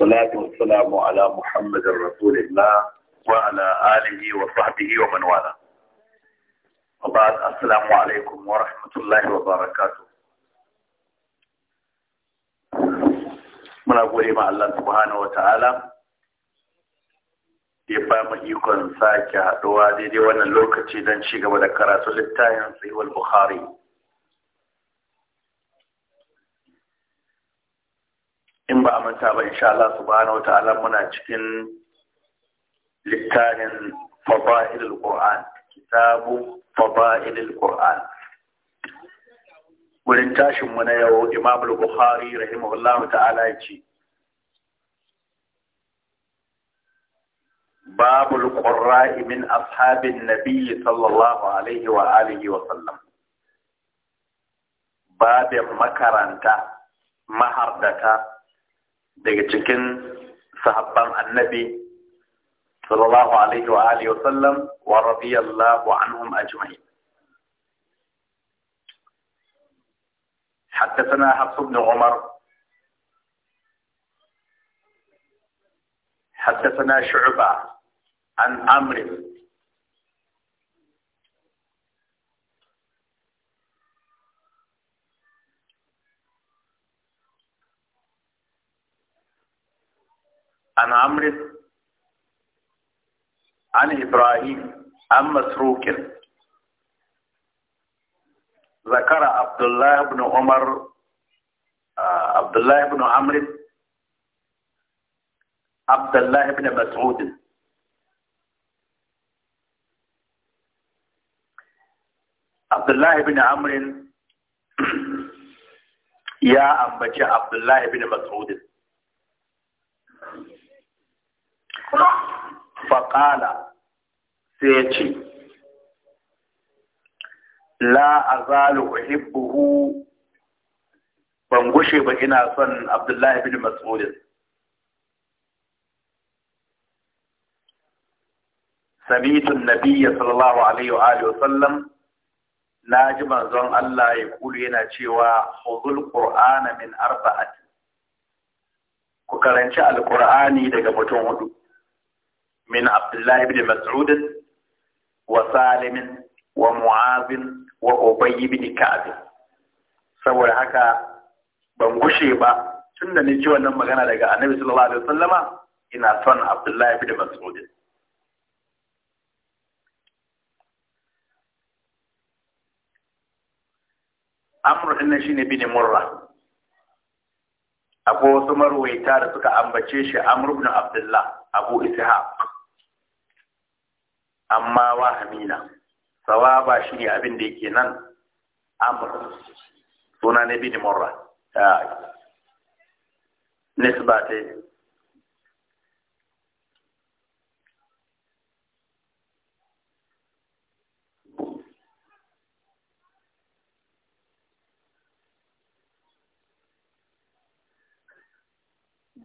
والصلاة والسلام على محمد رسول الله وعلى آله وصحبه ومن والاه وبعد السلام عليكم ورحمة الله وبركاته من أقول مع الله سبحانه وتعالى ya ba mu ikon sake haɗuwa daidai wannan lokaci don ci gaba da karatu littafin sahihul bukhari in ba a manta ba insha Allah subhanahu wata'ala muna cikin littafin fada'ilul Qur'an kitabu fada'ilul Qur'an wurin tashin mu na yau Imam Bukhari rahimahullahu ta'ala ya ce باب القراء من أصحاب النبي صلى الله عليه وآله وسلم باب مكرنتا مهردتا daga cikin sahabban annabi sallallahu alaihi wa alihi wasallam wa radiyallahu anhum ajma'in حدثنا حفص بن عمر حدثنا شعبة عن عمرو عن عمرو عن إبراهيم عن مسروق ذكر عبد الله بن عمر آه، عبد الله بن عمرو عبد الله بن مسعود عبد الله بن عمرو يا أمبجي عبد الله بن مسعود faƙala sai ya ce la a zalu ban gushe ba ina son abdullahi bin mas'udin sabitun nabiya sallallahu alaihi wa alihi wasallam na ji manzon Allah ya kulu yana cewa huzul qur'ana min arba'at ku karanci alqur'ani daga mutum hudu من عبد الله بن مسعود وسالم ومعاذ وأبي بن كعب saboda haka ban gushe ba tun da ni ji wannan magana daga annabi sallallahu alaihi wasallama ina son abdullahi bin mas'ud amru din shine bin murra Akwai wasu marwaita da suka ambace shi amru bin abdullah abu ishaq amma wa hamila sawaba shi ne abin da yake nan amur suna na bin murra ta nisba ta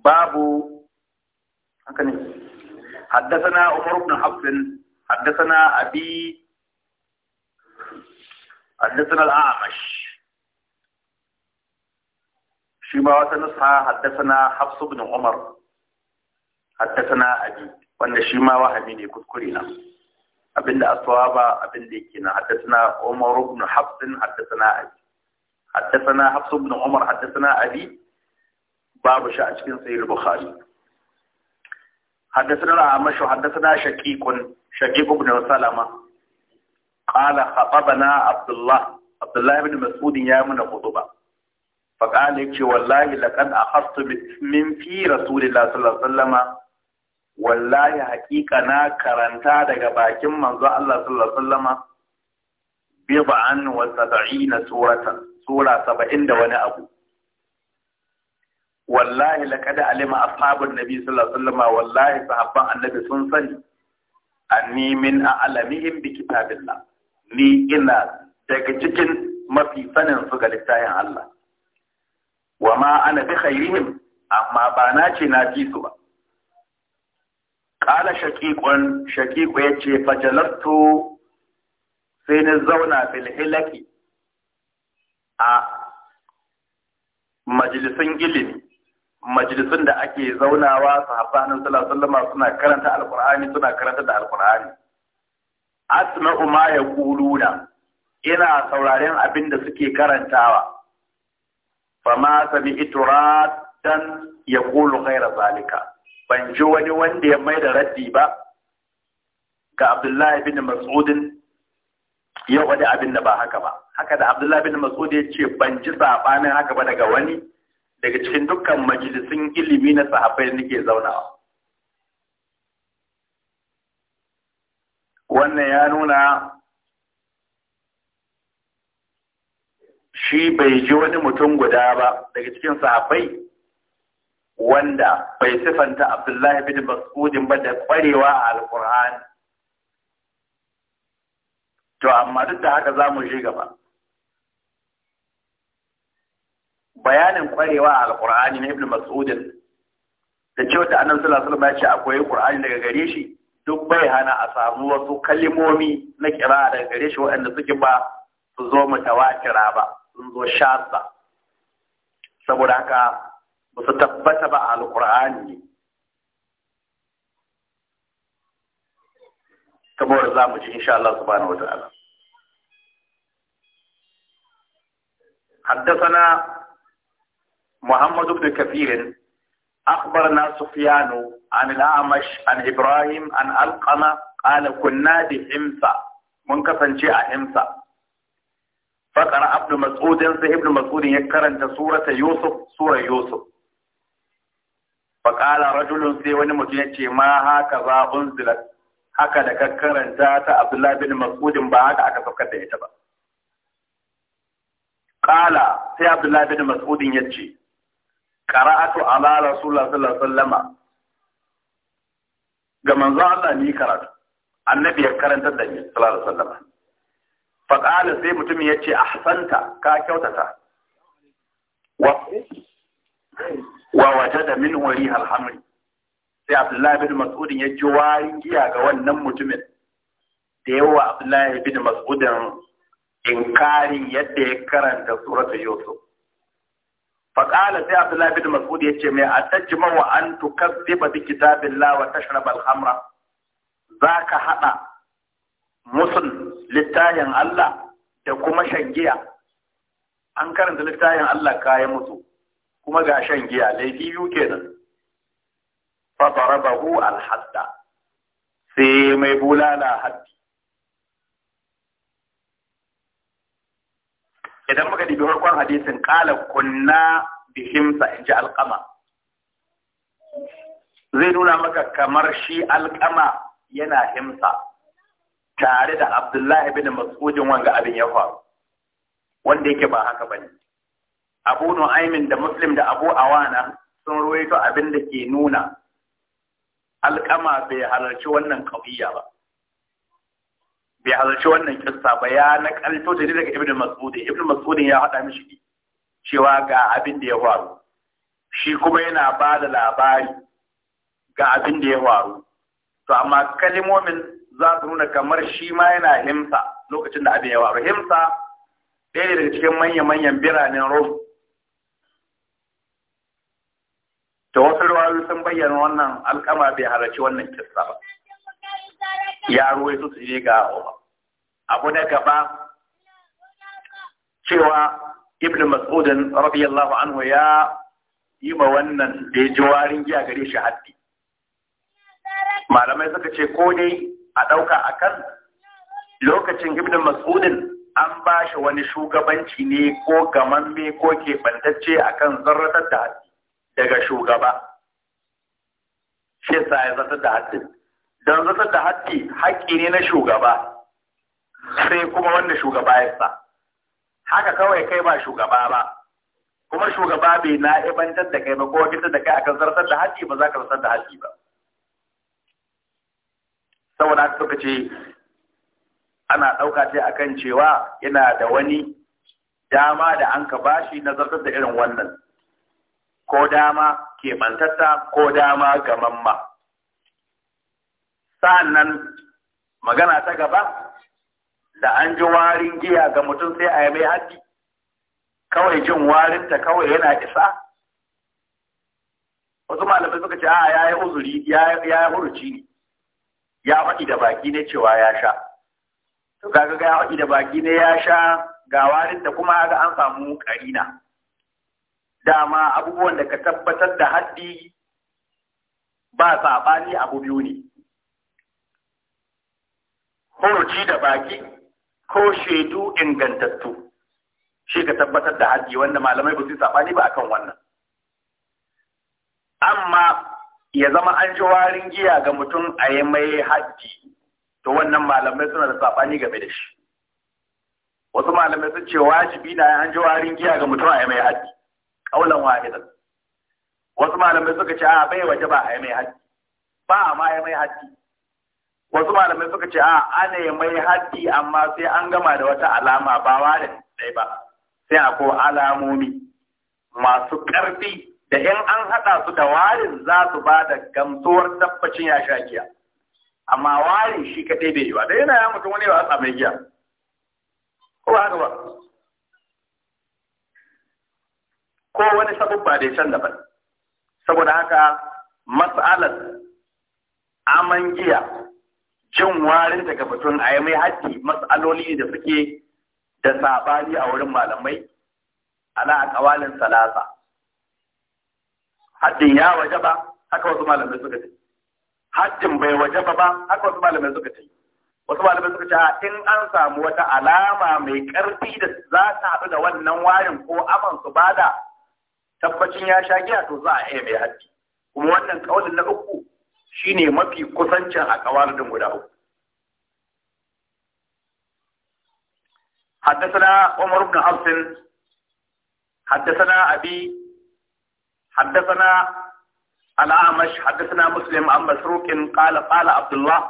babu haka ne حدثنا عمر بن حفص حدثنا أبي حدثنا الأعمش شما وتنصها حدثنا حفص بن عمر حدثنا أبي wanda shi ma ne kuskure abinda asuwa ba abin da yake na haddasana umaru ibn hafs haddasana abi haddasana hafs umar haddasana abi babu shi a cikin sahih bukhari حدثنا الأعمش حدثنا شقيق شقيق بن سلمة قال خطبنا عبد الله عبد الله بن مسعود يا من خطبه فقال يكي والله لقد أخذت من في رسول الله صلى الله عليه وسلم والله حقيقة نا كرنتا دقا باكم منذ الله صلى الله عليه وسلم بضعا وسبعين سورة سورة سبعين دون أبو wallahi laqad alima ashabun nabi sallallahu alaihi wasallam wallahi sahabban annabi sun sani anni min a'lamihim bi kitabillah ni ina daga cikin mafi sanin su ga littafin Allah wa ma ana bi khairihim amma ba na ce na fi su ba qala shaqiqun shaqiqu yace fajalattu sai na zauna fil hilaki a majalisun ilimi majalisun da ake zaunawa sahabbanin sallallahu suna karanta alkur'ani suna karanta da alkur'ani asma'u ma na ina sauraren abin da suke karantawa ma fama sami'tu ya kulu haira zalika ban ji wani wanda ya mai da raddi ba ga Abdullahi bin Mas'udin ya wani abin da ba haka ba haka da Abdullahi bin Mas'udin ya ce ban ji sabanin haka ba daga wani daga cikin dukkan majalisun ilimi na sahabbai nake zaunawa wannan ya nuna shi bai ji wani mutum guda ba daga cikin sahabbai wanda bai sifanta Abdullahi bin Mas'udin ba da kwarewa a Alƙur'ani. To amma duk da haka za mu ji gaba. bayanin ƙwarewa a Alƙur'ani na ibnu mas'ud da cewa da annabi sallallahu alaihi wasallam ya ce akwai qur'ani daga gare shi duk bai hana a samu wasu kalimomi na kira daga gare shi waɗanda suke ba su zo mu tawakira ba sun zo shaza saboda haka ba su tabbata ba a ne. saboda za mu ji insha Allah subhanahu wataala حدثنا محمد بن كثير أخبرنا سفيان عن الأعمش عن إبراهيم عن ألقمة قال كنا بحمصة منكفا شيء حمصة فقرأ ابن مسعود ينسى ابن مسعود يكرن سورة يوسف سورة يوسف فقال رجل سي وني متين ما هكذا أنزلت haka da ka karanta ta Abdullah bin Mas'udin ba haka aka saukar da ita ba. Kala sai Abdullah bin Mas'udin ya ce, qara'atu ala rasulullah sallallahu alaihi wasallam ga manzo Allah ni karatu annabi ya karanta da ni sallallahu alaihi wasallam fa qala sai mutum ce ahsanta ka kyautata wa wa wajada min wari alhamri sai Abdullahi bin Mas'ud ya ji warin giya ga wannan mutumin da yawa Abdullahi bin Mas'ud inkarin yadda ya karanta suratul Yusuf faƙala sai abdullahi bin mas'ud ya ce mai atajjima wa an tukazziba bi kitabillah wa tashrab al-hamra zaka haɗa musul littayin Allah da kuma shan giya an karanta littayin Allah kayan mutu kuma ga shan giya laifi biyu kenan fa darabahu al-hadda sai mai bulala haddi idan muka dibi farkon hadisin qala kunna bihimsa inji alqama zai nuna maka kamar shi alqama yana himsa tare da Abdullahi bin Mas'udin wanga abin ya faru wanda yake ba haka bane Abu Nu'aymin da Muslim da Abu Awana sun ruwaito abin da ke nuna alƙama bai halarci wannan kauyya ba bai halarci wannan kissa ba ya nakalto ta daga ibnu masudi ibnu masudi ya hada mishi cewa ga abin da ya faru shi kuma yana ba da labari ga abin da ya faru to amma kalimomin za su nuna kamar shi ma yana himsa lokacin da abin ya faru himsa ɗaya ne daga cikin manya-manyan biranen rom da wasu ruwayoyi sun bayyana wannan alkama bai halarci wannan kissa ba Yaro ya ruwaito su je ga abu na gaba cewa ibn mas'udin radiyallahu anhu ya yi ma wannan da ya ji warin giya gare shi haddi malamai suka ce ko dai a ɗauka a kan lokacin ibn mas'udin an ba shi wani shugabanci ne ko me ko keɓantacce a kan zarratar da haddi daga shugaba shi sa ya zartar da haddi don zartar da haddi haƙƙi ne na shugaba sai kuma wanda shugaba ya sa haka kawai kai ba shugaba ba kuma shugaba bai ibantar da kai ba ko fitar da kai akan zartar da haƙƙi ba za ka zartar da haƙƙi ba saboda haka suka ce ana ɗauka ce kan cewa yana da wani dama da an ka bashi na zartar da irin wannan ko dama keɓantatta ko dama gamamma sa'an nan magana ta gaba da an ji warin giya ga mutum sai a yi mai haddi kawai jin warinta kawai yana isa wasu malamai suka ce a ya yi uzuri ya yi huruci ne ya faɗi da baki ne cewa ya sha to ga ga ya faɗi da baki ne ya sha ga warin ta kuma ga an samu karina dama abubuwan da ka tabbatar da haddi ba saɓani abu biyu ne huruci da baki ko shaidu ingantattu shi ka tabbatar da haji wanda malamai ba su sabani ba akan wannan amma ya zama an ji warin giya ga mutum a yi mai haji to wannan malamai suna da sabani game da shi wasu malamai sun ce wajibi na an ji warin giya ga mutum a yi mai haji kaulan wahidan wasu malamai suka ce a bai waje ba a yi mai haji ba a ma yi mai haji wasu malamai suka ce a ana mai haddi amma sai an gama da wata alama ba wa da dai ba sai a ko alamomi masu ƙarfi da in an haɗa su da warin za su ba da gamsuwar tabbacin ya sha giya amma warin shi kaɗai bai yi ba da yana ya mutum wani ba a mai giya ko ba haka ba ko wani sabubba da can daban saboda haka mas'alar aman giya cin warin daga batun a mai haji matsaloli da suke da sabani a wurin malamai ala ƙawalin salasa haddin ya waje ba haka wasu malamai suka ce haddin bai waje ba ba haka wasu malamai suka ce wasu malamai suka ce in an samu wata alama mai karfi da za ta haɗu da wannan warin ko aman su bada tabbacin ya sha giya to za a iya mai haddi shine mafi kusancin a kawaridin guda uku حدثنا عمر بن حفص حدثنا أبي حدثنا الأعمش حدثنا مسلم عن مسروق قال قال عبد الله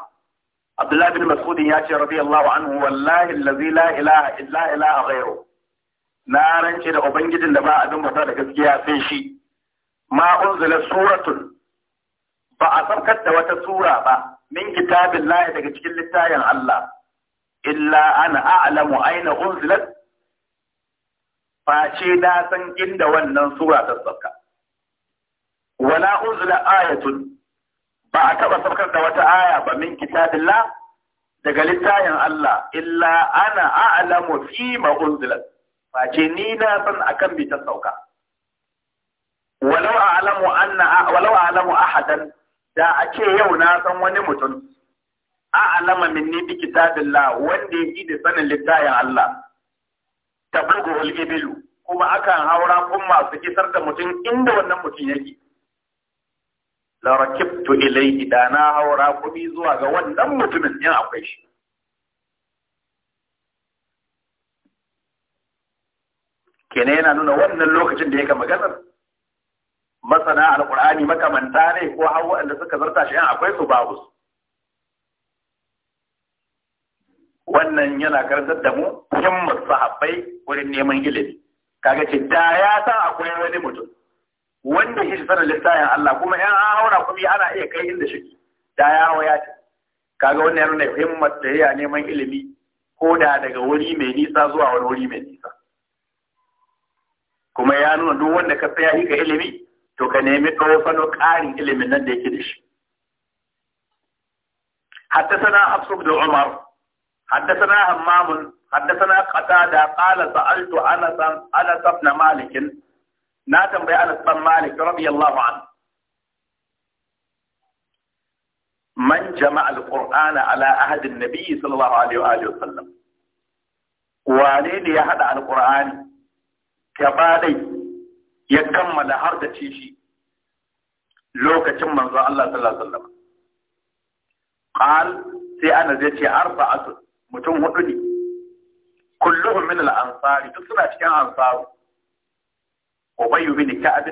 عبد الله بن مسعود ياتي رضي الله عنه والله الذي لا إله إلا إله غيره نارا كده أبنجد لما أدم بطالة كسكيها في شيء ما أنزل سورة ba a saukar da wata sura ba min kitabin lahi daga cikin littafin Allah illa ana a'lamu aina unzilat face na san inda wannan sura ta sauka wala unzila ayatun ba a taɓa saukar da wata aya ba min kitabin lahi daga littafin Allah illa ana a'lamu fi ma unzilat face ni na san akan bi ta sauka walau a'lamu anna walau a'lamu ahadan da a ce yau na san wani mutum a alama ni bi kitabillah wanda yi da sanin littafin Allah tablugu al-ibilu kuma akan haura kun masu kisar da mutum inda wannan mutum yake la rakibtu ilayhi da na haura kuɗi zuwa ga wannan mutumin in akwai shi Kene yana nuna wannan lokacin da yake maganar masana alkur'ani makamanta ne ko har waɗanda suka zarta shi akwai su babu wannan yana karantar da mu himmar sahabbai wurin neman ilimi kaga ce da ya san akwai wani mutum wanda shi sanar littafin Allah kuma yan an kuma ana iya kai inda shi da ya hawa ya ce kaga wannan yana nuna himmar da ya neman ilimi ko da daga wuri mai nisa zuwa wani wuri mai nisa kuma ya nuna duk wanda ka tsaya ka ilimi to ka nemi tofano ƙarin ilimin nan da yake da shi حدثنا حفص بن عمر حدثنا همام حدثنا قتادة قال سألت أنس أنس بن مالك ناتم بأنس بن مالك رضي الله عنه من جمع القرآن على عهد النبي صلى الله عليه وآله وسلم ولين على القرآن كبالي ya kammala har da ce shi lokacin manzo Allah sallallahu alaihi wasallam qal sai ana zai ce arba'atu mutum hudu ne kulluhum min al-ansari duk suna cikin ansaru ubayy bin ka'ab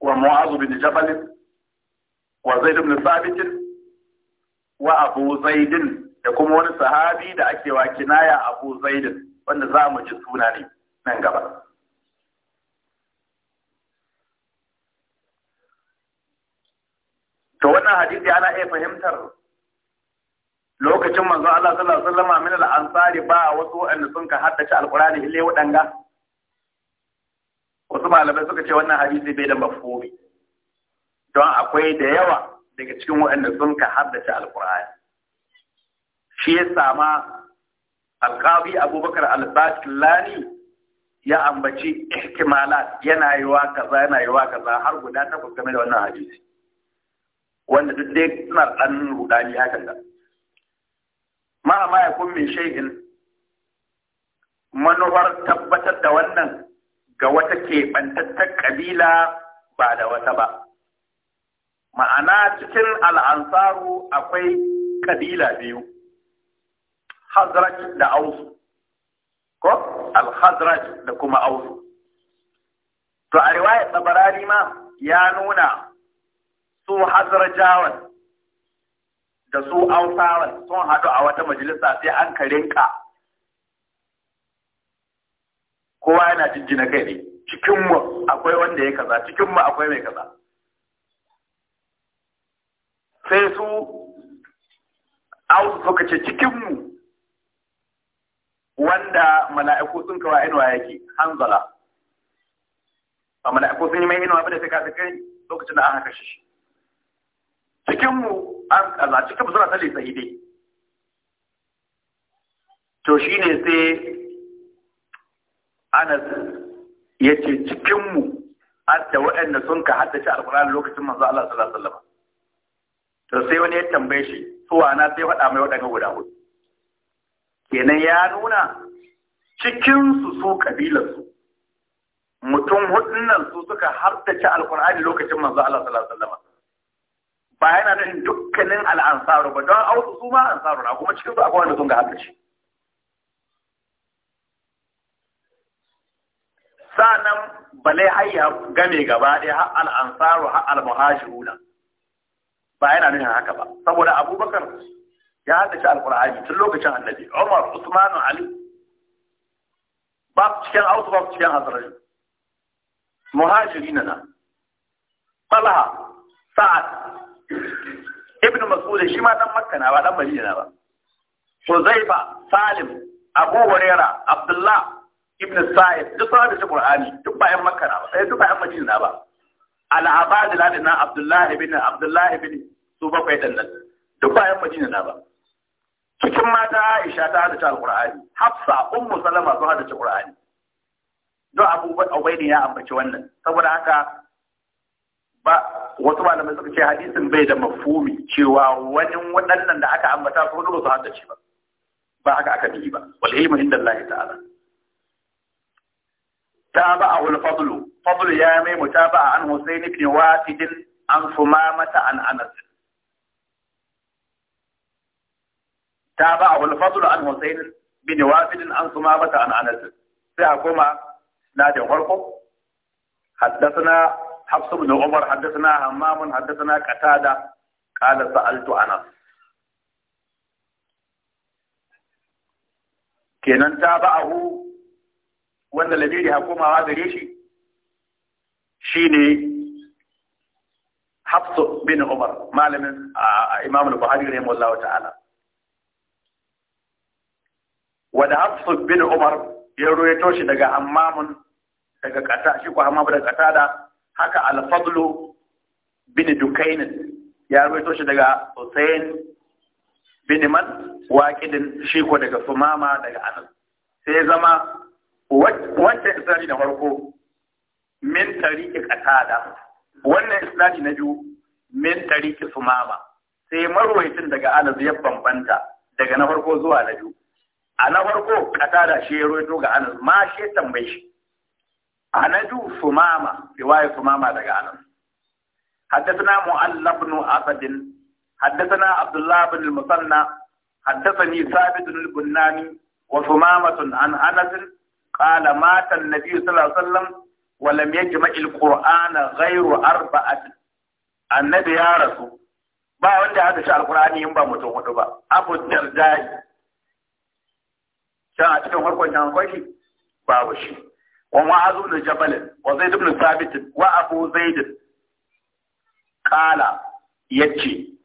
wa mu'az bin jabal wa zaid bin thabit wa abu zaid da kuma wani sahabi da ake wa kinaya abu zaid wanda za mu ji suna ne nan gaba to wannan hadisi ana iya fahimtar lokacin manzo Allah sallallahu alaihi wasallam min al-ansari ba wasu wanda sun ka haddace al-Qur'ani ille wadanga wasu malamai suka ce wannan hadisi bai da mafhumi don akwai da yawa daga cikin wanda sun ka haddace al-Qur'ani. shi ya sama alqabi abubakar al-bakillani ya ambaci ihtimalat yana yiwa kaza yana yiwa kaza har guda takwas game da wannan hadisi wanda duk dai suna ɗan rudani hakan da ma a ya kun min shay'in manufar tabbatar da wannan ga wata keɓantattar ƙabila ba da wata ba ma'ana cikin al'ansaru akwai ƙabila biyu hazraj da ausu ko al da kuma ausu to a riwayar tabarari ma ya nuna su hazrajawan da su ausawan sun haɗu a wata majalisa sai an ka rinka kowa yana jijjina kai ne cikinmu akwai wanda ya kaza cikinmu akwai mai kaza sai su ausu suka ce cikinmu wanda mala'iku sun kawa inuwa yake hanzala ba mala'iku sun yi mai inuwa ba da sai kai lokacin da an haka shi cikinmu an kaza cikin suna ta lissahi dai to shi ne sai anas ya ce cikinmu an da waɗanda sun ka haddace alƙur'ani lokacin manzo Allah sallallahu alaihi wasallam to sai wani ya tambaye shi suwa na sai faɗa mai waɗanda guda hudu kenan ya nuna cikinsu su kabilarsu mutum hudun nan su suka haddace alƙur'ani lokacin manzo Allah sallallahu alaihi wasallam ba yana nufin dukkanin al'ansaru ba don a wasu suma ansaru na kuma cikin su akwai wanda sun ga haka shi sa'annan balai hayya game gaba ɗaya har al'ansaru har al-muhajiruna ba yana nuna haka ba saboda abubakar ya hada shi alkur'ani tun lokacin annabi umar usman ali ba cikin ausu ba cikin hazrari muhajirina na talha sa'ad ibn mas'ud shi ma dan makka na ba dan madina ba Huzaifa, Salim, Abu Huraira, Abdullah, Ibn Sa'id, duk ba da Qur'ani, duk ba ƴan Makka na ba, sai eh, duk ba ƴan Madina na ba. Al-Abad al na Abdullah ibn Abdullah ibn su kai dan nan. Duk ba ƴan Madina na ba. Cikin mata Aisha ta da Al-Qur'ani, Hafsa, Ummu Salama sun hada Qur'ani. Don Abu Ubaidi ya ambaci wannan, saboda haka ba wasu malamai suka ce hadisin bai da mafumi cewa wani waɗannan da aka ambata ko ba su haddace ba ba haka aka bi ba wal ilmu inda Allah ta'ala taba'a al fadlu fadlu ya mai mutaba'a an Husayn ibn wasidin an Sumamata an Anas taba'a al fadlu an Husayn ibn wasidin an Sumamata an Anas sai a koma da farko haddathana حفص بن عمر حدثنا همام حدثنا قتادة قال سألت أنس kenan ta ba'ahu wanda labiri ha komawa gare shi shine Hafsu bin Umar malamin Imam al-Bukhari rahimahullahu ta'ala wanda Hafsu bin Umar ya ruwaito shi daga Hammamun daga Qatada shi ko Hammam daga Qatada haka alfadlu bin dukainin ya rubuto shi daga Hussein bin man waqidin shi ko daga sumama daga anas sai zama wanda isnadi na farko min tariki qatada wannan isnadi na biyu min tariki sumama sai marwaitin daga anas ya bambanta daga na farko zuwa na biyu a na farko qatada shi ya rubuto ga anas ma shi tambaye shi anadu sumama riwaya sumama daga anas حدثنا مؤلف بن أسد حدثنا عبد الله بن المثنى حدثني ثابت البناني وثمامة عن أنس قال مات النبي صلى الله عليه وسلم ولم يجمع القرآن غير أربعة النبي يا رسول ba wanda aka sha alkurani in ba mutum hudu ba abu dardai Shan a cikin farkon can akwai shi babu shi ومعاذ بن جبل وزيد بن ثابت وابو زيد قال يجي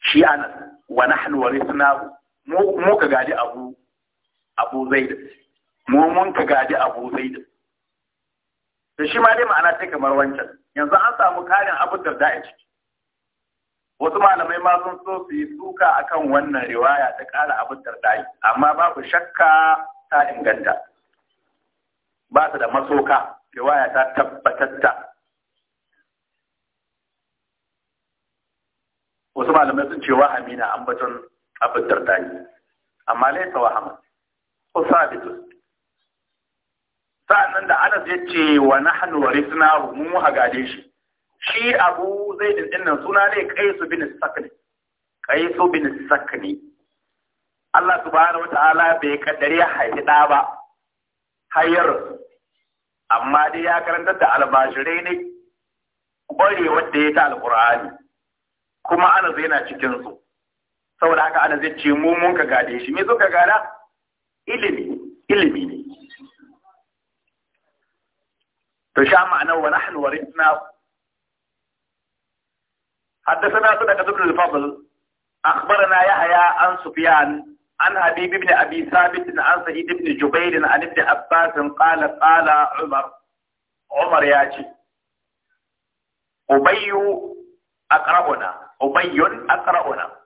شي انا ونحن ورثنا مو مو كغادي ابو ابو زيد مو من كغادي ابو زيد da shi ma dai ma'ana sai kamar wancan yanzu an samu karin abu da da'a ciki wasu malamai ma sun so su yi suka akan wannan riwaya ta ƙara abin da amma babu shakka ta inganta ba su da masoka riwaya ta tabbatatta wasu malamai sun ce Amina an ambaton abin dardani amma laisa wahama ko sabitus sa'annan da Anas ya ce wa nahnu warithnahu mu ha gade shi shi Abu zai din nan suna ne su bin Sakni Qais bin Sakni Allah subhanahu wataala bai kaddare haifi da ba hayar amma dai ya karanta da albashirai ne ƙware wanda ya ta alƙur'ani kuma ana yana na cikin su saboda haka ana zai ce mu ka gade shi me so ka gada ilimi ilimi ne to sha ma'anar wa nahnu warithna حدثنا صدقة بن الفضل أخبرنا يحيى عن سفيان عن حبيب بن أبي ثابت عن سعيد بن جبير عن ابن عباس قال قال عمر عمر ياتي أبي أقرأنا أبي أقرأنا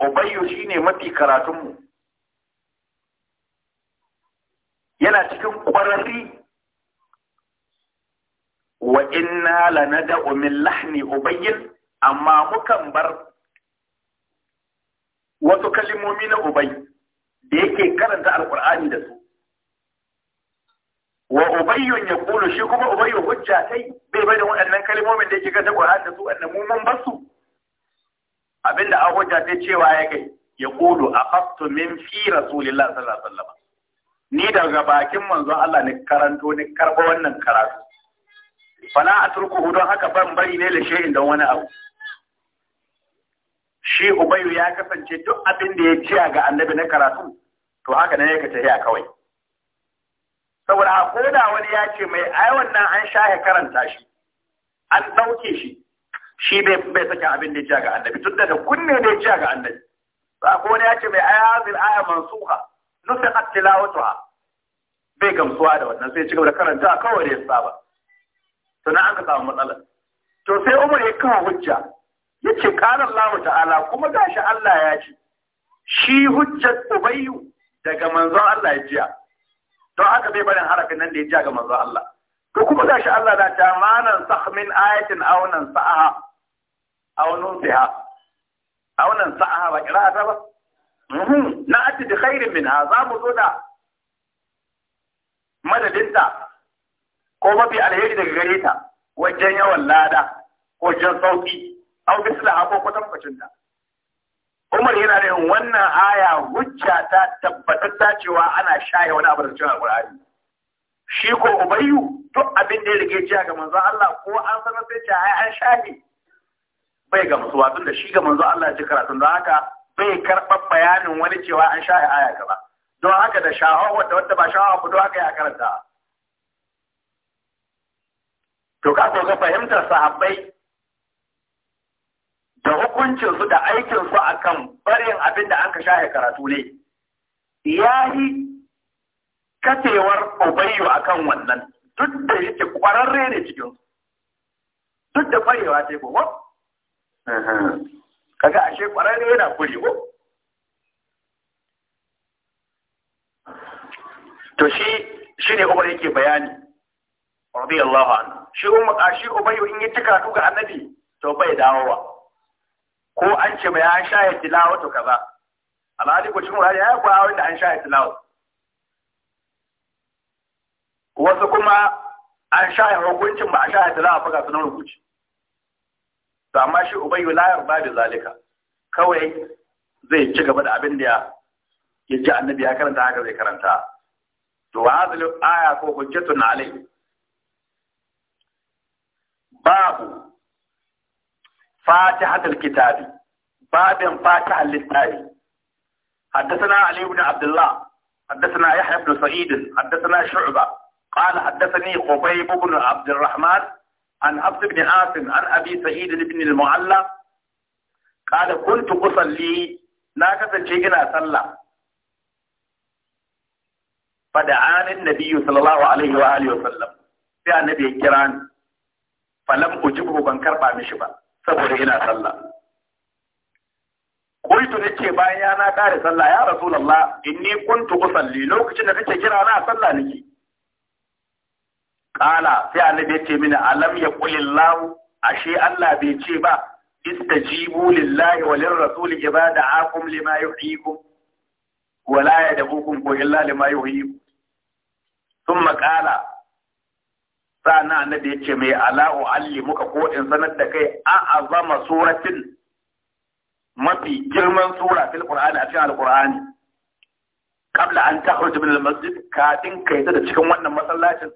أبي شيني متي كراتمه yana cikin ƙwararri wa inna lanada'u min lahni ubayyin amma mukan bar wasu kalimomi na ubai da yake karanta alkur'ani da su wa ubayyun ya kulu shi kuma ubayyun hujja bai bai da waɗannan kalimomin da yake karanta qur'ani da su annan mu mun basu abinda a hujja sai cewa ya kai ya kulu a min fi rasulillahi sallallahu alaihi wasallam ni daga bakin manzon Allah ne karanto ni karba wannan karatu fala atruku don haka ban bari ne da shehin don wani abu shi ubayu ya kasance duk abin da ya ciya ga annabi na karatu to haka nan ka tafiya kawai saboda a koda wani ya ce mai ai wannan an shahe karanta shi an ɗauke shi shi bai sake abin da ya ciya ga annabi tun da kunne da ya ciya ga annabi ba ko wani ya ce mai ai hazil aya mansuha nusiqat tilawatuha bai gamsuwa da wannan sai ya ci gaba da karanta kawai da ya saba sannan an ka samu matsala to sai Umar ya kawo hujja yace qala Allah ta'ala kuma gashi Allah ya ce shi hujjar ubayyu daga manzon Allah ya jiya don haka bai barin harafin nan da ya jiya ga manzon Allah to kuma gashi Allah da ta manan sah min ayatin aw nan sa'a aw biha aw nan sa'a ba ta ba mhm. na ati bi khairin min za mu zo da madadinta ko mafi alheri daga gare ta wajen yawan lada ko jan sauki au mislaha ko kwatankwacin ta Umar yana da wannan aya hujja ta tabbatar cewa ana shaye wani abu da cikin Alƙur'ani shi ko ubayyu duk abin da ya rige jiya ga manzon Allah ko an sanar sai ce ai an shaye bai ga musuwa tun da shi ga manzon Allah ji karatu don haka bai karɓar bayanin wani cewa an shaye aya ba? don haka da shawara da wanda ba shawara ku don haka ya karanta to ka ko ga fahimtar sahabbai hukuncinsu da aikinsu a kan barin abin da an ka sha karatu ne, ya yi katewar ubayyu a kan wannan duk da yake kwararre ne cikin duk da kwarewa ce ko kaga ashe kwararre yana kuri ko to shi shi ne umar yake bayani radiyallahu anhu shi umar shi ubayyu in yi cika ga annabi to bai dawowa ko an ce mai an sha ya tilawa to kaza Al'adu ko cikin wurare ya kwa wanda an sha ya tilawa wasu kuma an sha ya hukuncin ba a sha ya tilawa ba ga sunan rubuci to amma shi ubayyu layar ba da zalika kawai zai ci gaba da abin da ya ji annabi ya karanta haka zai karanta to hadhihi aya ko hujjatun alai babu فاتحة الكتاب باب فاتحة للتالي حدثنا علي بن عبد الله حدثنا يحيى بن سعيد حدثنا شعبة قال حدثني قبيب بن عبد الرحمن عن عبد بن عاصم عن أبي سعيد بن المعلى قال كنت أصلي لا كسنشي صلى فدعاني النبي صلى الله عليه وآله وسلم يا نبي الكرام فلم أجبه بنكر ujibu ban saboda yana sallah ne ce bayan ya na kare sallah ya ni inni kuntu usalli lokacin da kake kira na sallah nake kala sai annabi ya ce mini alam yaqulillahu ashe Allah bai ce ba istajibu lillahi wa lirrasuli da da'akum lima yuhyikum wa la ko illa lima yuhyikum thumma qala na annabi yake mai ala'u alli muka ko in sanar da kai a azama suratin mafi girman sura fil qur'ani a cikin alqur'ani qabla an takhruj min masjid ka din kai da cikin wannan masallacin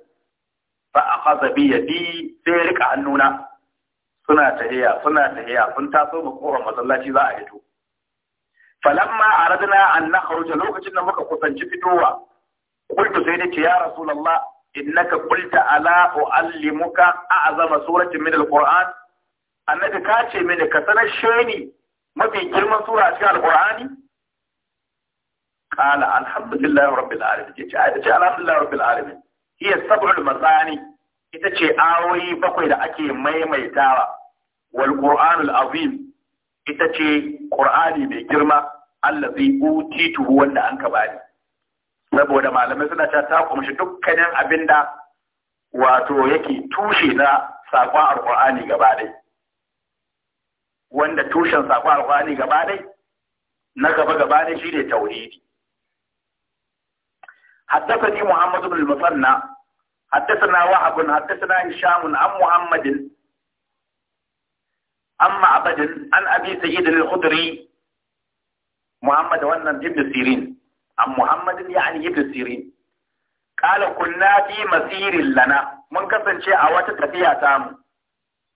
fa akhadha bi yadi sai rika hannuna suna tahiya suna tahiya sun taso mu masallaci za a fito falamma aradna an nakhruj lokacin da muka kusanci fitowa qultu sai nace ya rasulullah innaka qulta ala uallimuka a'zama suratin min alquran annabi ka ce mini ka sanar sheni mafi girman sura a cikin alqurani qala alhamdulillahi rabbil alamin ce ai ce alhamdulillahi rabbil alamin hiya sab'ul masani ita ce awoyi bakwai da ake maimaitawa wal qur'anul azim ita ce qur'ani mai girma allazi utitu wanda an ka bani saboda malamai suna cewa ta kumshi dukkanin abin da wato yake tushe na saƙon alƙur'ani gaba ɗai wanda tushen saƙon alƙur'ani gaba ɗai na gaba gaba ɗai shi ne tauhidi حدثني محمد بن المثنى حدثنا وهب حدثنا هشام عن محمد عن معبد عن ابي سعيد الخدري محمد وانا ابن سيرين an muhammadin ya an yi sirin ƙala kunna fi masirin lana mun kasance a wata tafiya tamu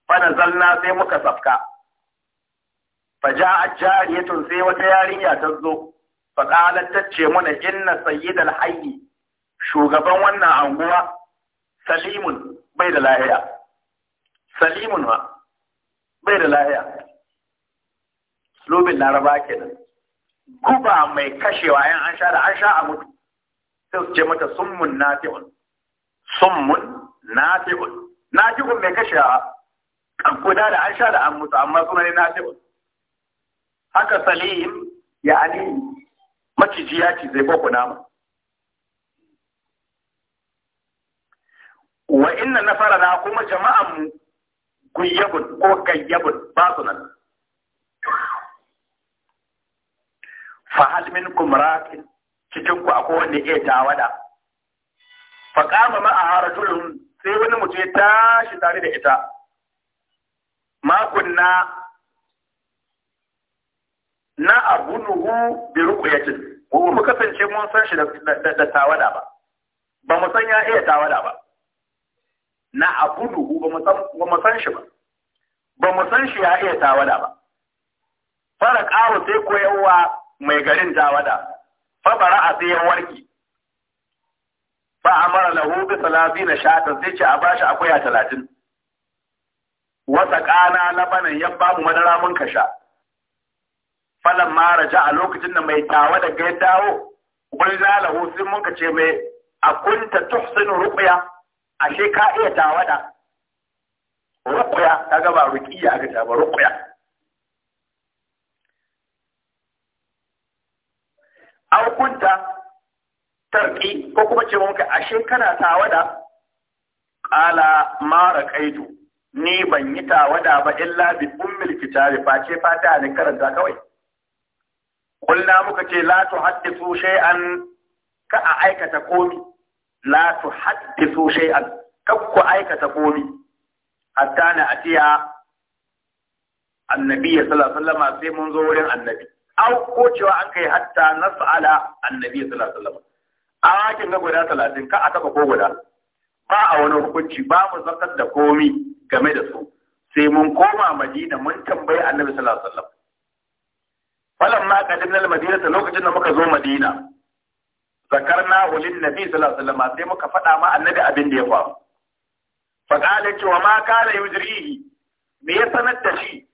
fana zalna sai muka safka faja jariyatun sai wata yarinya ta zo faƙalar ta ce mana inna sayyidal hayyi shugaban wannan anguwa salimun bai da lahiya salimun ma bai da lahiya slobin laraba kenan guba mai kashewa yan an sha da an sha a mutu sai su ce mata summun nafi'un summun nafi'un nafi'un mai kashewa kan guda da an sha da an mutu amma suna ne nafi'un haka salim ya ani maciji ya ci zai boko nama wa inna nasara na kuma jama'an mu guyyabun ko gayyabun ba su nan fa min kumrakin cikin ku akwai wanda ya tawada fa kama ma aharatulun sai wani mutum ya tashi tare da ita ma kunna na abunuhu bi ruqyatin ko mu kasance mun san shi da tawada ba ba mu san ya iya tawada ba na abunuhu ba mu san shi ba ba mu san shi ya iya tawada ba fara ƙaro sai koyarwa mai garin tawada fa bara a sai ya warki fa amara lahu bi salatina shatan sai ce a bashi akuya talatin wata na labanan ya ba mu madara mun kasha falan ma raja a lokacin da mai tawada ga ya dawo qulna lahu sai mun ce mai akunta tuhsinu ruqya ashe ka iya tawada ruqya kaga ba ruqiya aka ta ba ruqya aw Tarki ko kuma ce muka shekara kana tawada qala ma raqaitu ni ban yi tawada ba illa bi ummil kitabi fa ce ta ne karanta kawai kullu muka ce la tuhaddithu shay'an ka a aikata komi la tuhaddithu shay'an ka ku aikata komi hatta na atiya annabi sallallahu alaihi wasallam sai mun zo wurin annabi au ko cewa an kai hatta nas'ala annabi sallallahu alaihi wasallam a wakin ga guda talatin ka a taba ko guda ba a wani hukunci ba mu zakar da komi game da su sai mun koma madina mun tambayi annabi sallallahu alaihi wasallam falamma qadimna al-madinata lokacin da muka zo madina zakarna ulil nabi sallallahu alaihi wasallam sai muka faɗa ma annabi abin da ya faru fa qala cewa ma kana yujrihi me ya sanar da shi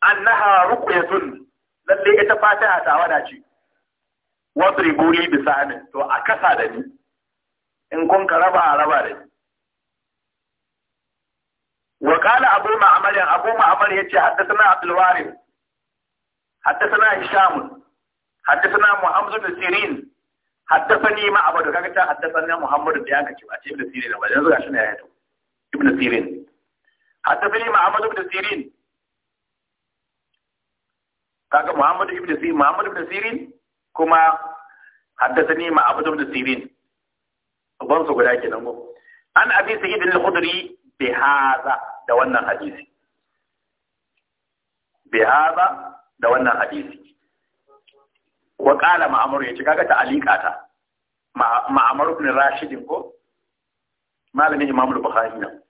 annaha ruqyatun lalle ita fatiha ta wada ce wasu riguli bisa ne to a kasa da ni in kun ka raba a raba da ni wa kala abu ma'amar ya abu ma'amar ya ce haddasa abdulwari haddasa na ishamun haddasa na muhammadu da sirin haddasa ni ma abu da kaga ta haddasa na muhammadu da yanka ce a ce ibn sirin ba yanzu ga shi ne ya yato ibn sirin haddasa ni ma'amadu da sirin kaga Muhammad ibn Sirin Muhammad ibn Sirin kuma haddathani ma Abu ibn Sirin ban su guda kenan ko an abi sa'id al-khudri bi hadha da wannan hadisi bi hadha da wannan hadisi wa qala ma'mur yace kaga ta alikata ma'mur ibn Rashid ko malamin Imam al-Bukhari nan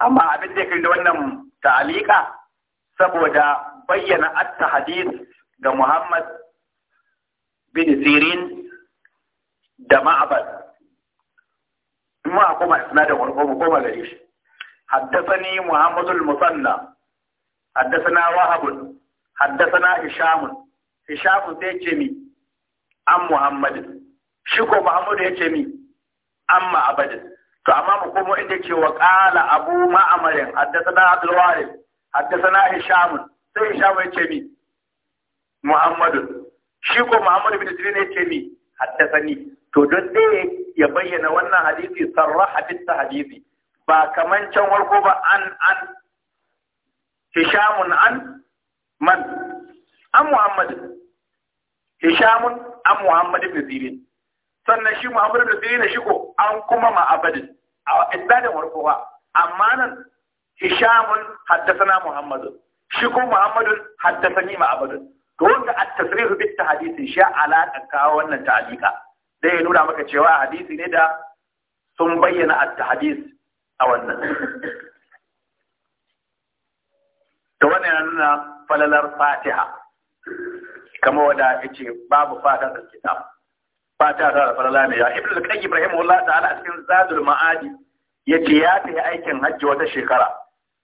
amma abin da kai da wannan ta'alika saboda bayyana atta hadis ga Muhammad bin Sirin da Ma'abad. Ma kuma da wani kuma kuma gare shi. حدثني محمد musanna حدثنا وهب حدثنا هشام هشام sai ce mi an Muhammad shi ko Muhammad ya ce mi an Ma'abad to amma mu komo inda ce wa qala Abu ma'amarin, haddathana Abdul Warith حدثنا هشام sai هشام ya ce ni Muhammadu shi ko Muhammadu bin Sirin ya ce mi haddasani to don dai ya bayyana wannan hadisi sarraha bit hadisi ba kaman can warko ba an an Hishamun an man an Muhammadu Hishamun an Muhammadu bin Sirin sannan shi Muhammadu bin Sirin shi ko an kuma ma'abadin a istadan warko ba amma nan هشام حدثنا muhammadu shi ko muhammadu haddasani ma'abadu to wanda at-tasrihu bit wannan ta'alika dai ya nuna maka cewa hadisi ne da sun bayyana at-hadis a wannan to wannan yana nuna falalar fatiha kama wada yace babu fatan da kitab fatiha da falala ne ya ibnu al-qayyim ta'ala cikin zadul ma'adi ya tafi aikin hajji wata shekara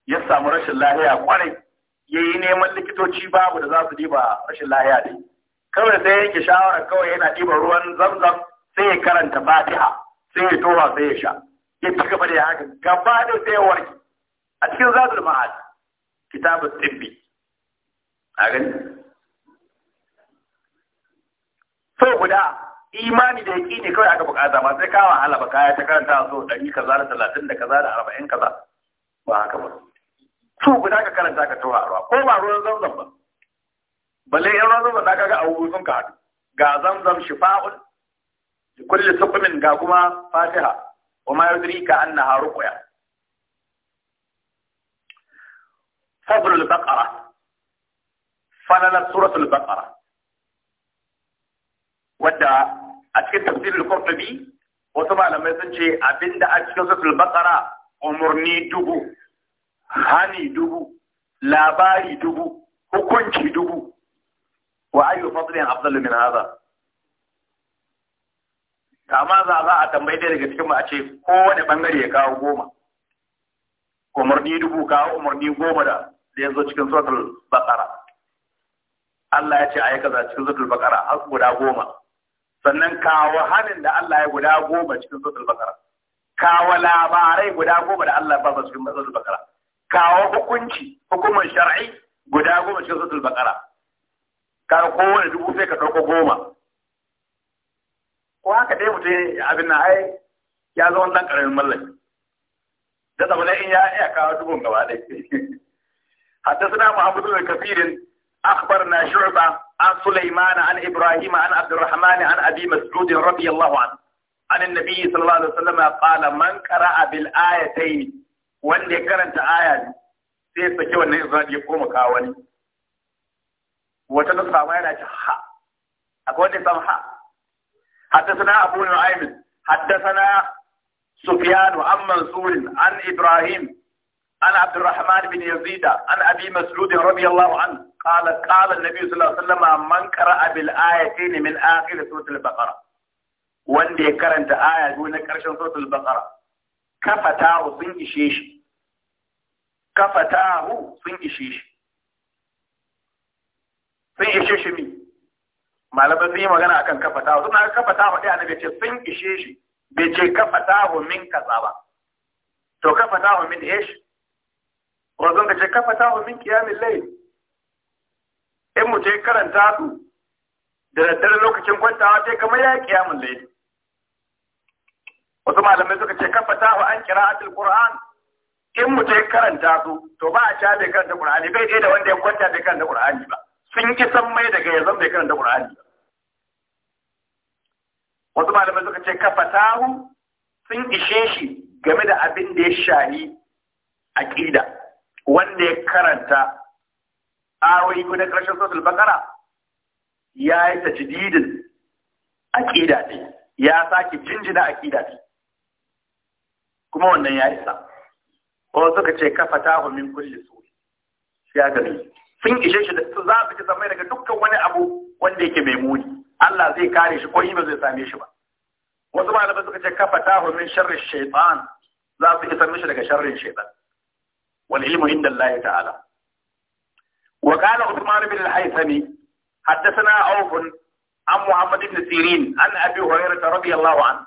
ya samu rashin lahiya kwarai ya yi neman likitoci babu da za su diba rashin lahiya dai. kawai sai yanke shawara kawai yana diba ruwan zamzam sai ya karanta fatiha sai ya towa sai ya sha ya ci gaba da haka gaba da sai ya warke a cikin zatul ma'ad kitabun tibbi a gani so guda imani da yaki ne kawai aka bukata ba sai kawo wahala ba kaya ta karanta so ɗari kaza da talatin da kaza da arba'in kaza ba haka ba su guda ka karanta ka tura ruwa ko ba ruwan zamzam ba balle yan ruwan zamzam da kaga abubuwa sun ka haɗu ga zamzam shifa'un kulli sukumin ga kuma fatiha wa ma yudrika annaha ruqya فضل البقرة فللت سورة البقرة wadda a cikin tafsirin Qurtubi wasu malamai sun ce abinda a cikin suratul Baqara umurni dubu hani dubu labari dubu hukunci dubu wa ayyu fadlin afdalu min hadha amma za za a tambayi dai daga cikin mu a ce kowane bangare ya kawo goma umarni dubu kawo umarni goma da da yanzu cikin suratul baqara Allah ya ce ayi kaza cikin suratul baqara har guda goma sannan kawo hanin da Allah ya guda goma cikin suratul baqara kawo labarai guda goma da Allah ya ba cikin suratul baqara kawo hukunci hukumar shar'i guda goma cikin suratul baqara ka kowane dubu sai ka ɗauko goma ko haka dai mutum abin na ai ya zama ɗan ƙaramin mallaki da saboda in ya iya kawo dubun gaba ɗaya hatta suna muhammadu da kafirin akbar na shurba an sulaimana an ibrahim an abdurrahman an abi mas'ud radiyallahu an an annabi sallallahu alaihi wasallam qala man qara'a bil ayatayn wanda ya karanta aya ne sai ya saki wannan izrar ya koma kawo wani wata nusa yana ci ha akwai wanda samu ha hatta abu ne aimin hatta sufiyanu an an ibrahim an abdurrahman bin yazida an abi masud radiyallahu an qala qala annabi sallallahu alaihi wasallam man qara'a bil ayatin min akhir wanda ya karanta aya ne na karshen suratul baqara kafatahu sun ishe shi kafatahu sun ishe shi sun ishe shi mi malaman sun yi magana akan kafatahu suna kafatahu ɗaya bai ce sun ishe shi bai ce kafatahu min kaza ba to kafatahu min ish wazon ka ce kafatahu min kiyamin lai? in mu ce karanta su da daddare lokacin kwantawa ce kamar ya yi kiyamin lai. wasu malamai suka ce kafa wa an qira'atul qur'an in mu ya karanta su to ba a sha bai karanta qur'ani bai dai da wanda ya kwanta bai karanta qur'ani ba sun ki san mai daga ya zan bai karanta qur'ani ba wasu malamai suka ce kafa kafatahu sun ishe shi game da abin da ya shahi aqida wanda ya karanta awai ko na karshen suratul bakara ya yi tajdidin aqida ne ya sake jinjina aqida ne kuma wannan ya isa ko suka ce kafa tahu min kulli su ya gari sun ishe shi za su ci samai daga dukkan wani abu wanda yake mai muni Allah zai kare shi ko yi ba zai same shi ba wasu malamai suka ce kafa tahu min sharrin shaytan za su isa mishi daga sharrin shaytan wal ilmu inda Allah ta'ala wa qala Uthman bin al-Haythami حدثنا عوف an محمد بن سيرين عن ابي هريره رضي الله عنه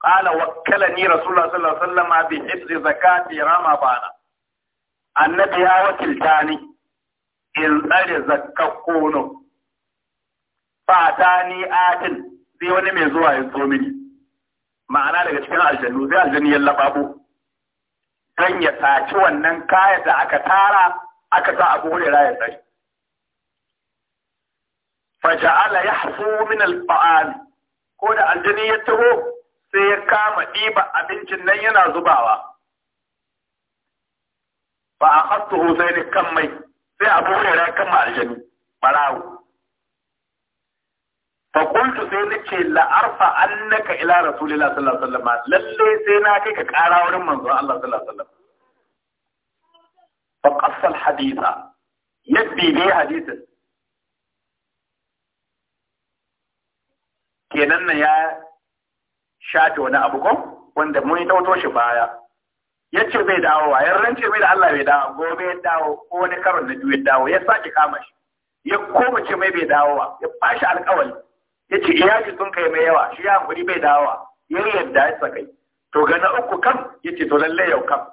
قال وكلني رسول الله صلى الله عليه وسلم بحفظ زكاة رمضان النبي هو تلتاني إن أري زكا كونو فاتاني آتن في وني ميزوا يزومني معنى لك شكرا الجنة وفي الجنة يلا بابو كان يتاكي وانن كاية أكتارا أكتا أبو لا يتاكي فجعل يحفو من الطعام كون الجنة يتهو sai ya kama ɗiba abincin nan yana zubawa ba a hattu hosai ne kan mai sai abu hurera kan ma aljani barawo fa qultu sai nace la arfa annaka ila Rasulillah sallallahu alaihi wasallam lalle sai na kai ka ƙara wurin manzon Allah sallallahu alaihi wasallam fa qassa al haditha yaddi bi hadithin kenan na ya shata wani abu ko wanda mun ɗauto shi baya ya ce bai dawo wa ya rance mai da Allah bai dawo gobe ya dawo ko wani karon na biyu ya dawo ya sake kama shi ya koma ce mai bai dawo wa ya bashi alƙawari ya ce ji sun kai mai yawa shi ya guri bai dawo wa ya yadda ya sakai to ga na uku kam ya ce to lallai yau kam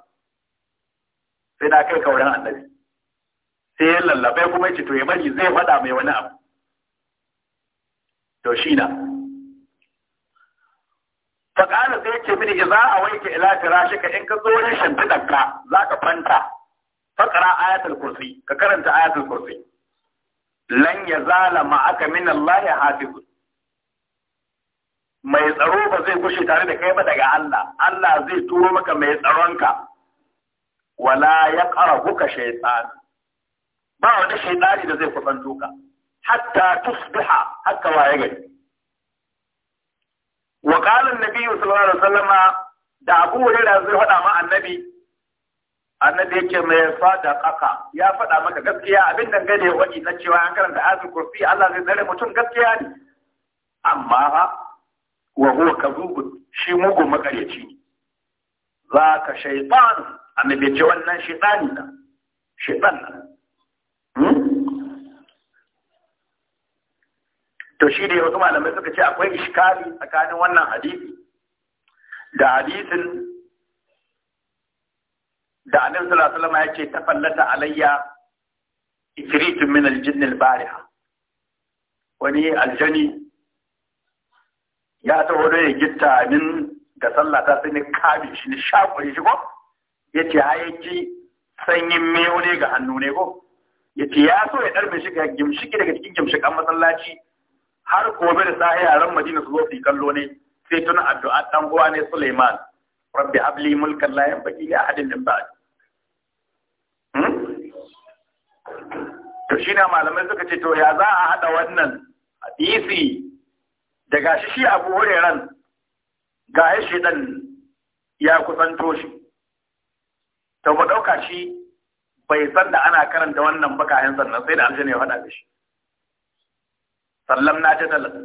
sai na kai kauran annabi sai ya lallabai kuma ya ce to ya bari zai faɗa mai wani abu to shi na fa qala sai ce mini idza awaita ila firashika in ka zo wurin za zaka fanta Fakara ayatul kursi ka karanta ayatul kursi lan yazala ma'aka min Allah hafizun mai tsaro ba zai gushe tare da kai ba daga Allah Allah zai turo maka mai tsaronka wala ya kuka shaytan ba wani shaytani da zai kusanto ka hatta tusbiha hakka waye gari wa qala an-nabi sallallahu alaihi da Abu da zai faɗa ma annabi annabi yake mai kaka ya faɗa maka gaskiya abin da gane wani na cewa an karanta ayatul kursi Allah zai tsare mutum gaskiya ne amma ha wa huwa shi mugun makaryaci ne zaka shaytan annabi ce wannan shaytan na shaytan to shi ne wasu malamai suka ce akwai iskali tsakanin wannan hadisi da hadisin da annabi sallallahu alaihi wasallam ya ce tafallata alayya Ikiritin min aljinn albariha wani aljani ya ta da ya gitta min ga sallah ta sai ni kabi shi ni shakuri shi ko yace hayaki sanyin mewo ne ga hannu ne ko yace ya so ya darbe shi ga gimshiki daga cikin gimshikan masallaci har gobe da sahi ran Madina su zo su yi kallo ne sai tuna addu'a dan uwa ne Suleiman rabbi habli mulkan la yanbaghi li ahadin min ba'd hmm? to shine malamai suka ce to ya za a hada wannan hadisi da gashi shi Abu ran ga shi dan ya kusanto shi to mu dauka shi bai san da ana karanta wannan bakayen sannan sai da aljanna ya hada da shi Sallam na ta jadalan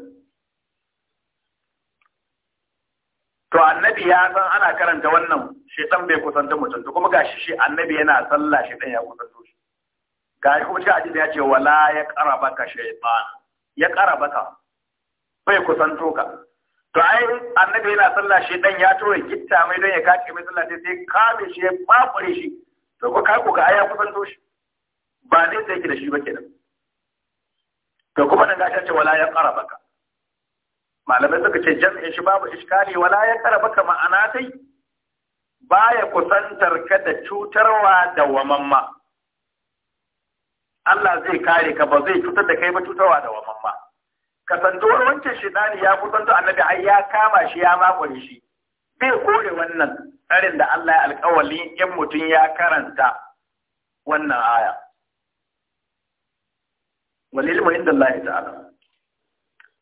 to annabi ya san ana karanta wannan shaitan bai kusanta mutum to kuma gashi shi annabi yana sallah shaitan ya kusanto shi shi kuma shi hadisi ya ce wala ya baka shaitan, ya baka bai kusanto ka to ai annabi yana sallah shaitan ya turo gitta mai don ya kace mai sallah sai sai kame shi ya fafure shi to ko kai ko ai ya kusanto shi ba ne sai yake da shi ba kenan ga kuma da gashi ce wala ya ƙara baka malamai suka ce jam'in shi babu iskali wala ya ƙara baka ma'ana dai baya kusantar ka da cutarwa da wamamma Allah zai kare ka ba zai cutar da kai ba cutarwa da wamamma kasantuwar wancan shidani ya kusanto annabi ai ya kama shi ya makure shi bai kore wannan tsarin da Allah ya alƙawali in mutum ya karanta wannan aya wal ilmu inda Allah ta'ala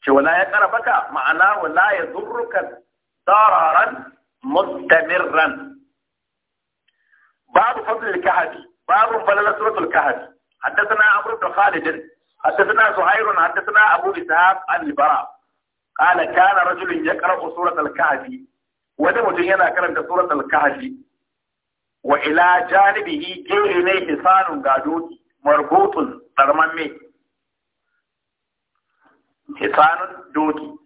ce wala ya karabaka ma'ana wala ya zurruka dararan mustamirran babu fadl al-kahfi suratul kahfi حدثنا عمرو بن خالد حدثنا زهير حدثنا ابو اسحاق عن البراء قال كان رجل يقرا سوره الكهف wani mutum yana karanta surat al-kahfi wa ila janibihi gere ne hisanun marbutun tsarmamme hisanun doki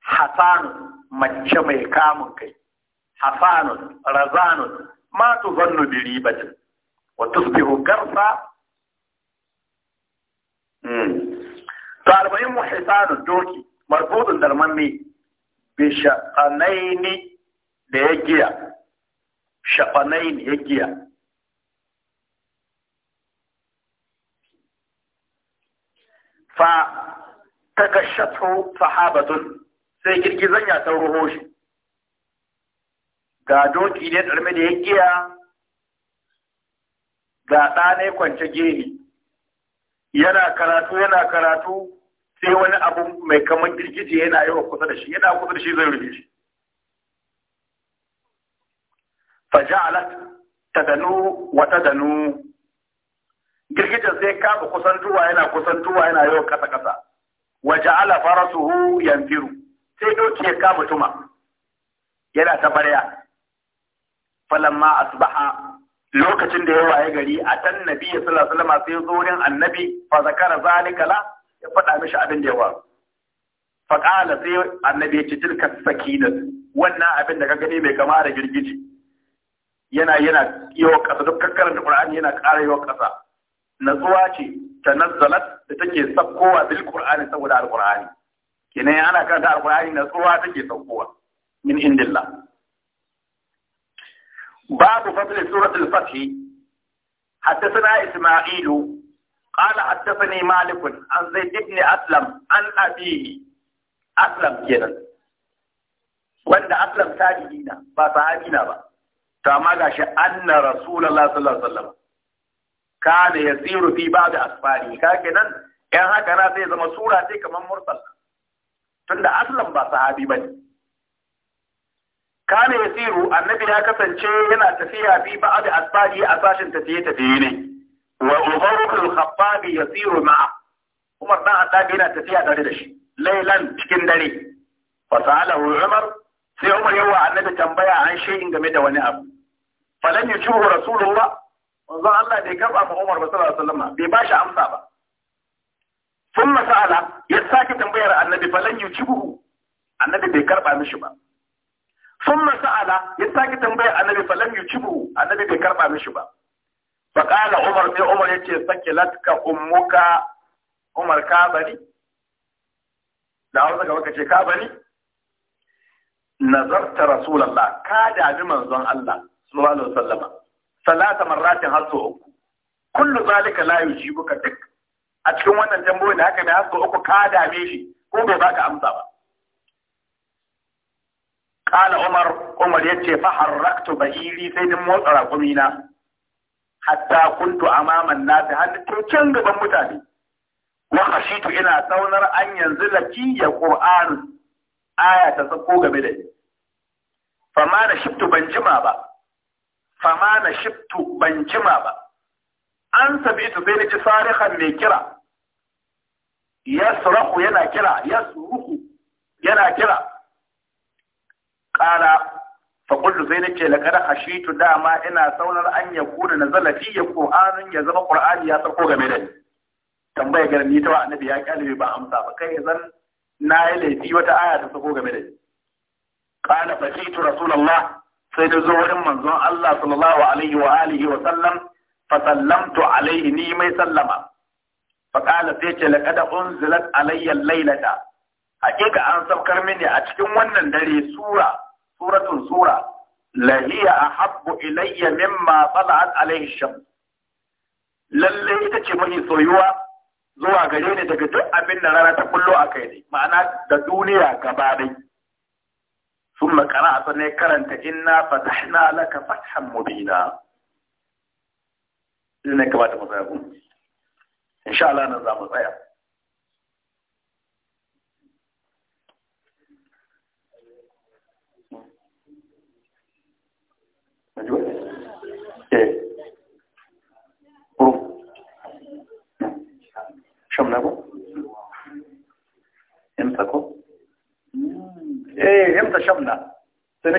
hasanun mace mai kamun kai hasanun razanun Matu tuzannu bi ribatin wa tusbihu garsa hmm. to almuhim hisanun doki marbutun ne. bi shaqanaini da ya giya shaqanaini ya giya fa ta gashatu sahabatun sai girgizan ya ta ruho shi ga doki ne tsarmi da ya giya ga ɗa ne kwance gini yana karatu yana karatu sai wani abu mai kamar girgije yana yawa kusa da shi yana kusa da shi zai rufe shi faja'alat tadanu wa tadanu girgijen sai kusan kusantuwa yana kusantuwa yana yawa kasa kasa waje ala farasuhu yanfiru sai doki ya kama tuma yana ta barya falamma asbaha lokacin da ya waye gari a tan nabi sallallahu alaihi wasallam sai zo wurin annabi fa zakara zalika la ya faɗa mishi abin da ya faru fa qala sai annabi ya ce tilka sakinat wannan abin da ka gani mai kama da girgiji yana yana yawa kasa duk kakkaran da qur'ani yana ƙara yawa kasa natsuwa ce tanazzalat da take sakkowa bil qur'ani saboda alqur'ani kenan ana karanta alqur'ani na tsuwa take saukowa, min indillah babu fadl surat al-fath حدثنا إسماعيل قال حدثني مالك an زيد ibn Aslam an أبيه Aslam kenan. wanda aslam tabi'ina ba sahabina ba to amma gashi anna rasulullah sallallahu alaihi wasallam kana yasiru fi ba'd asfari ka kenan yan haka na zai zama sura ce kamar mursal tunda aslan ba sahabi ne. kana yasiru annabi ya kasance yana tafiya fi ba'd asfari a sashin tafiye tafiye ne wa umaru al khattab yasiru ma'a umar dan hadabi yana tafiya tare da shi lailan cikin dare fa sa'alahu umar sai umar yawa annabi tambaya an shay'in game da wani abu falan yujuhu rasulullah manzon Allah bai karba ma Umar ba sallallahu alaihi wasallam bai amsa ba sun masala ya sake tambayar annabi falan yujibuhu annabi bai karba mishi ba sun masala ya sake tambayar annabi falan annabi bai karba mishi ba fa Umar sai Umar yace latka ummuka Umar ka bari da hausa gaba ka ce ka bari nazarta rasulullah ka dami manzon Allah sallallahu alaihi wasallama ثلاث مرات حصو كل ذلك لا يجيبك دك a cikin wannan tambayoyin da haka mai haska uku ka dame shi ko bai baka amsa ba kala umar umar ya ce faharraktu ba'iri sai din motsa raƙumina hatta kuntu na nasi hannu cikin gaban mutane wa khashitu ina tsaunar an yanzu laki ya qur'an aya ta sako game da ni fa ma da shiftu ban jima ba fama na shiftu ban kima ba an tabi ita sai naji sarihan mai kira Ya surahu yana kira ya suruhu yana kira qala fa qultu sai la kada hashitu dama ina saunar an yakuna nazala fi qur'anin ya zama qur'ani ya sarko game da ni tambaya ga ni ta annabi ya kalle ba amsa ba kai zan na yi laifi wata aya ta sako game da ni qala fa jitu rasulullah sai da zo wurin manzon Allah sallallahu alaihi wa alihi wa sallam fa sallamtu alaihi ni mai sallama fa qala sai ce laqad unzilat alayya lailata hakika an saukar mini a cikin wannan dare sura suratun sura lahiya ahabbu ilayya mimma tala'at Alayhi shams lalle ita ce mafi soyuwa zuwa gare ni daga duk abin da rana ta kullo a kai ne ma'ana da duniya gaba dai ثم قرأ سنكرنت إنا فتحنا لك فتحا مبينا لنك بعد مصيبون إن شاء الله نظام مصيب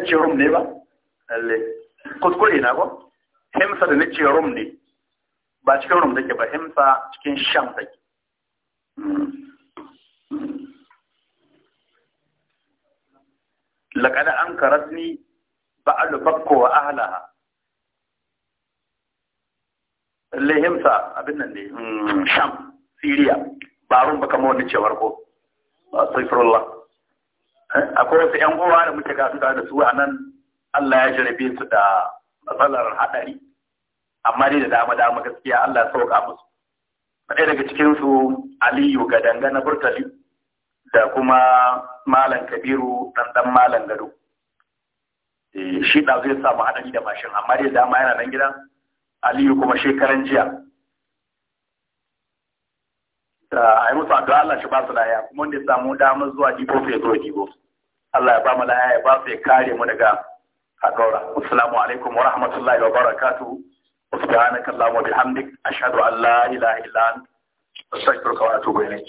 na rum ne ba lalle kuskure na ba himsa da na rum ne ba cikin rum take ba himsa cikin sham take لقد أنكرتني بعد بكو وأهلها اللي همسا أبنى اللي شام سيريا بارون بكمون نتشي أستغفر الله akwai wasu yan uwa da muke gasuwa da su a nan Allah ya jarabe su da matsalar haɗari amma dai da dama dama gaskiya Allah ya sauka musu ɗaya daga cikin su Aliyu ga dangana Burtali da kuma Malam Kabiru dan ɗan Malam Gado eh, shi ɗan zai samu haɗari da mashin amma dai da dama yana nan gida Aliyu kuma shekaran jiya a yi musu addu'a Allah shi ba su laya kuma wanda ya samu damar zuwa dibo ya zo dibo Allah ya ba mu laya ya ba su ya kare mu daga hagaura assalamu alaikum wa rahmatullahi wa barakatu subhanakallahumma wa bihamdik ashhadu an la ilaha illa anta astaghfiruka wa atubu ilayk